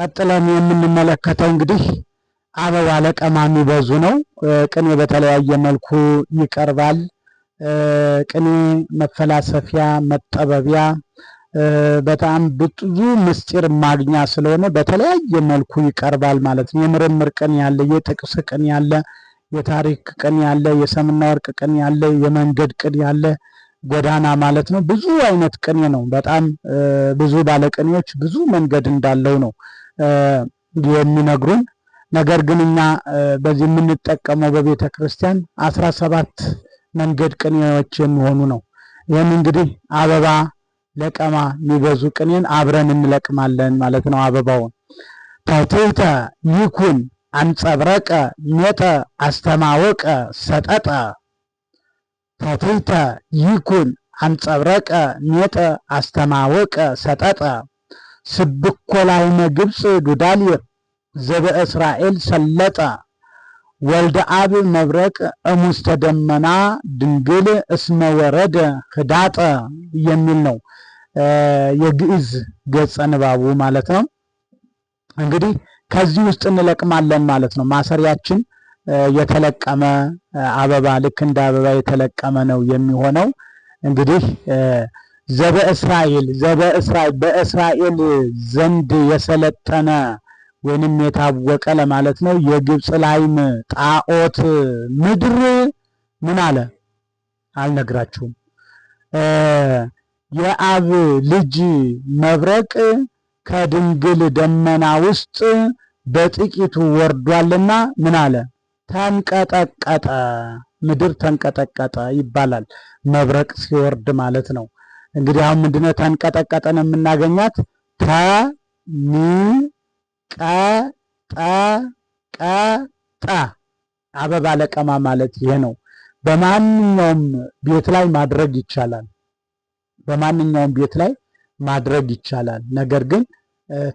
ቀጥለን የምንመለከተው እንግዲህ አበባ ለቀማ በዙ ነው። ቅኔ በተለያየ መልኩ ይቀርባል። ቅኔ መፈላሰፊያ፣ መጠበቢያ በጣም ብዙ ምስጢር ማግኛ ስለሆነ በተለያየ መልኩ ይቀርባል ማለት ነው። የምርምር ቅን ያለ፣ የጥቅስ ቅን ያለ፣ የታሪክ ቅን ያለ፣ የሰምና ወርቅ ቅን ያለ፣ የመንገድ ቅን ያለ ጎዳና ማለት ነው። ብዙ አይነት ቅኔ ነው። በጣም ብዙ ባለቅኔዎች ብዙ መንገድ እንዳለው ነው የሚነግሩን። ነገር ግን እኛ በዚህ የምንጠቀመው በቤተ ክርስቲያን አስራ ሰባት መንገድ ቅኔዎች የሚሆኑ ነው። ይህም እንግዲህ አበባ ለቀማ የሚበዙ ቅኔን አብረን እንለቅማለን ማለት ነው። አበባውን ተትህተ ይኩን አንጸብረቀ ሜጠ አስተማወቀ ሰጠጠ ተትህተ ይኩን አንጸብረቀ ሜጠ አስተማወቀ ሰጠጠ ስብኮ ላይመ ግብፅ ዱዳልየር ዘበ እስራኤል ሰለጠ ወልደ አብ መብረቅ እሙስተ ደመና ድንግል እስመ ወረደ ህዳጠ የሚል ነው የግዕዝ ገጸ ንባቡ ማለት ነው። እንግዲህ ከዚህ ውስጥ እንለቅማለን ማለት ነው። ማሰሪያችን የተለቀመ አበባ ልክ እንደ አበባ የተለቀመ ነው የሚሆነው እንግዲህ ዘበ እስራኤል ዘበ እስራኤል በእስራኤል ዘንድ የሰለጠነ ወይንም የታወቀ ለማለት ነው። የግብፅ ላይም ጣዖት ምድር ምን አለ አልነግራችሁም። የአብ ልጅ መብረቅ ከድንግል ደመና ውስጥ በጥቂቱ ወርዷልና ምን አለ ተንቀጠቀጠ፣ ምድር ተንቀጠቀጠ ይባላል። መብረቅ ሲወርድ ማለት ነው። እንግዲህ አሁን ምንድነው ተንቀጠቀጠን የምናገኛት ተ ን ቀ ጠ ቀ ጠ አበባ ለቀማ ማለት ይሄ ነው። በማንኛውም ቤት ላይ ማድረግ ይቻላል። በማንኛውም ቤት ላይ ማድረግ ይቻላል። ነገር ግን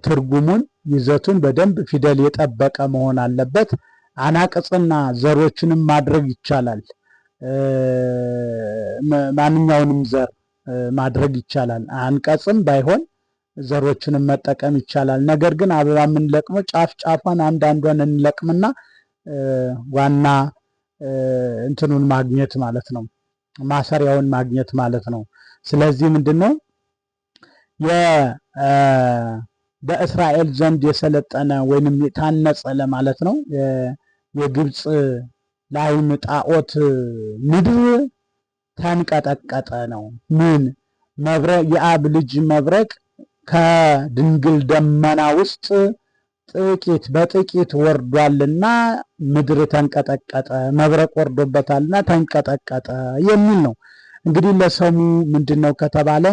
ትርጉሙን ይዘቱን በደንብ ፊደል የጠበቀ መሆን አለበት። አናቅጽና ዘሮችንም ማድረግ ይቻላል። ማንኛውንም ዘር ማድረግ ይቻላል። አንቀጽም ባይሆን ዘሮችንም መጠቀም ይቻላል። ነገር ግን አበባ የምንለቅመው ጫፍ ጫፏን አንዳንዷን እንለቅምና ዋና እንትኑን ማግኘት ማለት ነው፣ ማሰሪያውን ማግኘት ማለት ነው። ስለዚህ ምንድን ነው በእስራኤል ዘንድ የሰለጠነ ወይንም የታነጸ ለማለት ነው። የግብፅ ላይም ጣዖት ምድር ተንቀጠቀጠ ነው። ምን መብረቅ የአብ ልጅ መብረቅ ከድንግል ደመና ውስጥ ጥቂት በጥቂት ወርዷልና ምድር ተንቀጠቀጠ፣ መብረቅ ወርዶበታልና ተንቀጠቀጠ የሚል ነው። እንግዲህ ለሰሙ ምንድን ነው ከተባለ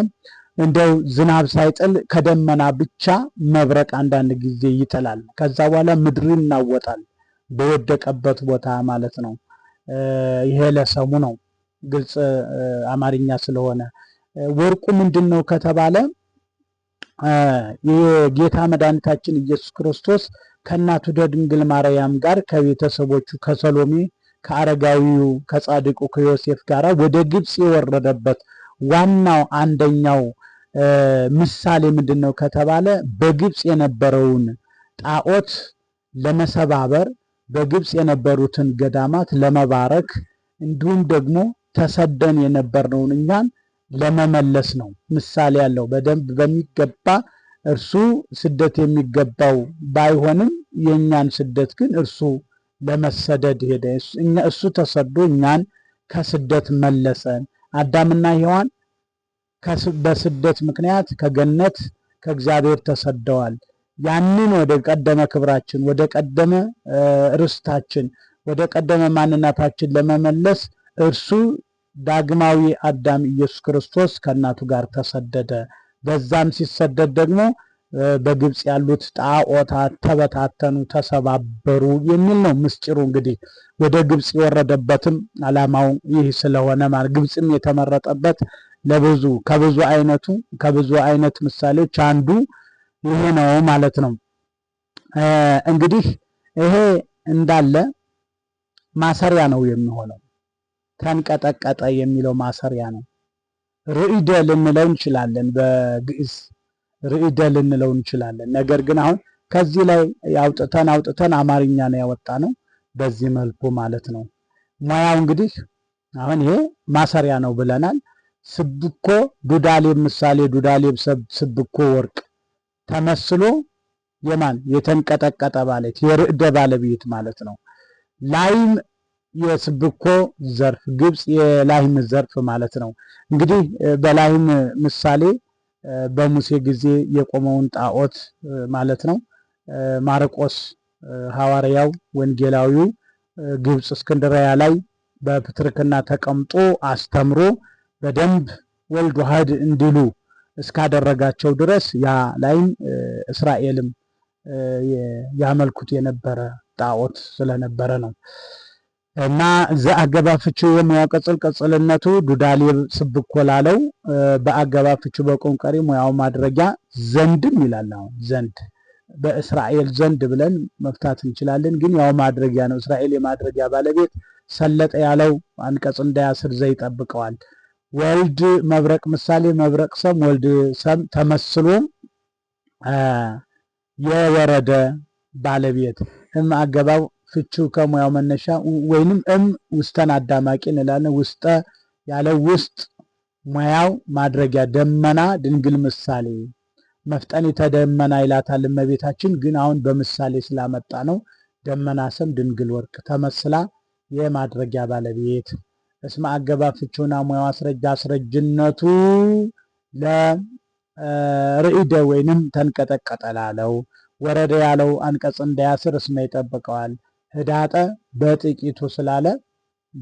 እንደው ዝናብ ሳይጥል ከደመና ብቻ መብረቅ አንዳንድ ጊዜ ይጥላል። ከዛ በኋላ ምድር ይናወጣል፣ በወደቀበት ቦታ ማለት ነው። ይሄ ለሰሙ ነው። ግልጽ አማርኛ ስለሆነ ወርቁ ምንድን ነው ከተባለ የጌታ መድኃኒታችን ኢየሱስ ክርስቶስ ከእናቱ ደድንግል ማርያም ጋር ከቤተሰቦቹ ከሰሎሜ ከአረጋዊው ከጻድቁ ከዮሴፍ ጋር ወደ ግብፅ የወረደበት ዋናው አንደኛው ምሳሌ ምንድን ነው ከተባለ በግብፅ የነበረውን ጣዖት ለመሰባበር በግብፅ የነበሩትን ገዳማት ለመባረክ እንዲሁም ደግሞ ተሰደን የነበርነውን እኛን ለመመለስ ነው። ምሳሌ ያለው በደንብ በሚገባ እርሱ ስደት የሚገባው ባይሆንም የእኛን ስደት ግን እርሱ ለመሰደድ ሄደ። እሱ ተሰዶ እኛን ከስደት መለሰን። አዳምና ሔዋን በስደት ምክንያት ከገነት ከእግዚአብሔር ተሰደዋል። ያንን ወደ ቀደመ ክብራችን፣ ወደ ቀደመ ርስታችን፣ ወደ ቀደመ ማንነታችን ለመመለስ እርሱ ዳግማዊ አዳም ኢየሱስ ክርስቶስ ከእናቱ ጋር ተሰደደ። በዛም ሲሰደድ ደግሞ በግብፅ ያሉት ጣዖታት ተበታተኑ፣ ተሰባበሩ የሚል ነው ምስጢሩ። እንግዲህ ወደ ግብፅ የወረደበትም ዓላማው ይህ ስለሆነ ማለት ግብፅም የተመረጠበት ለብዙ ከብዙ አይነቱ ከብዙ አይነት ምሳሌዎች አንዱ ይሄ ነው ማለት ነው። እንግዲህ ይሄ እንዳለ ማሰሪያ ነው የሚሆነው ተንቀጠቀጠ የሚለው ማሰሪያ ነው። ርዕደ ልንለው እንችላለን፣ በግዕዝ ርዕደ ልንለው እንችላለን። ነገር ግን አሁን ከዚህ ላይ አውጥተን አውጥተን አማርኛ ነው ያወጣ ነው በዚህ መልኩ ማለት ነው። ሙያው እንግዲህ አሁን ይሄ ማሰሪያ ነው ብለናል። ስብኮ ዱዳሌብ ምሳሌ ዱዳሌብ ስብኮ ወርቅ ተመስሎ የማን የተንቀጠቀጠ ማለት የርዕደ ባለቤት ማለት ነው። ላይም የስብኮ ዘርፍ ግብፅ የላይም ዘርፍ ማለት ነው። እንግዲህ በላይም ምሳሌ በሙሴ ጊዜ የቆመውን ጣዖት ማለት ነው። ማርቆስ ሐዋርያው ወንጌላዊው ግብፅ እስክንድሪያ ላይ በፕትርክና ተቀምጦ አስተምሮ በደንብ ወልድ ዋህድ እንዲሉ እስካደረጋቸው ድረስ ያ ላይም እስራኤልም ያመልኩት የነበረ ጣዖት ስለነበረ ነው። እና ዘአገባ ፍቺው የሙያ ቅጽል ቅጽልነቱ ዱዳሌ ስብኮላለው በአገባ ፍቺው በቆንቀሪ ሙያው ማድረጊያ ዘንድም ይላል። አሁን ዘንድ በእስራኤል ዘንድ ብለን መፍታት እንችላለን፣ ግን ያው ማድረጊያ ነው። እስራኤል የማድረጊያ ባለቤት ሰለጠ ያለው አንቀጽ እንዳያስር ዘ ይጠብቀዋል። ወልድ መብረቅ ምሳሌ መብረቅ ሰም ወልድ ሰም ተመስሎ የወረደ ባለቤት እም አገባብ ፍቹ ከሙያው መነሻ ወይንም እም ውስተን አዳማቂ እንላለን። ውስጠ ያለ ውስጥ ሙያው ማድረጊያ ደመና ድንግል ምሳሌ መፍጠን የተደመና ይላታል እመቤታችን። ግን አሁን በምሳሌ ስላመጣ ነው። ደመና ስም ድንግል ወርቅ ተመስላ የማድረጊያ ባለቤት እስመ አገባ ፍቺውና ሙያው አስረጃ አስረጅነቱ ለርዕደ ወይንም ተንቀጠቀጠ ላለው ወረደ ያለው አንቀጽ እንዳያስር እስመ ይጠብቀዋል። ህዳጠ በጥቂቱ ስላለ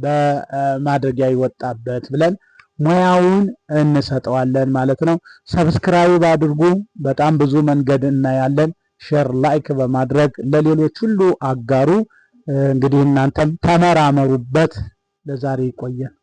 በማድረጊያ ይወጣበት ብለን ሙያውን እንሰጠዋለን ማለት ነው። ሰብስክራይብ አድርጉ። በጣም ብዙ መንገድ እናያለን። ሼር ላይክ በማድረግ ለሌሎች ሁሉ አጋሩ። እንግዲህ እናንተም ተመራመሩበት። ለዛሬ ይቆየን።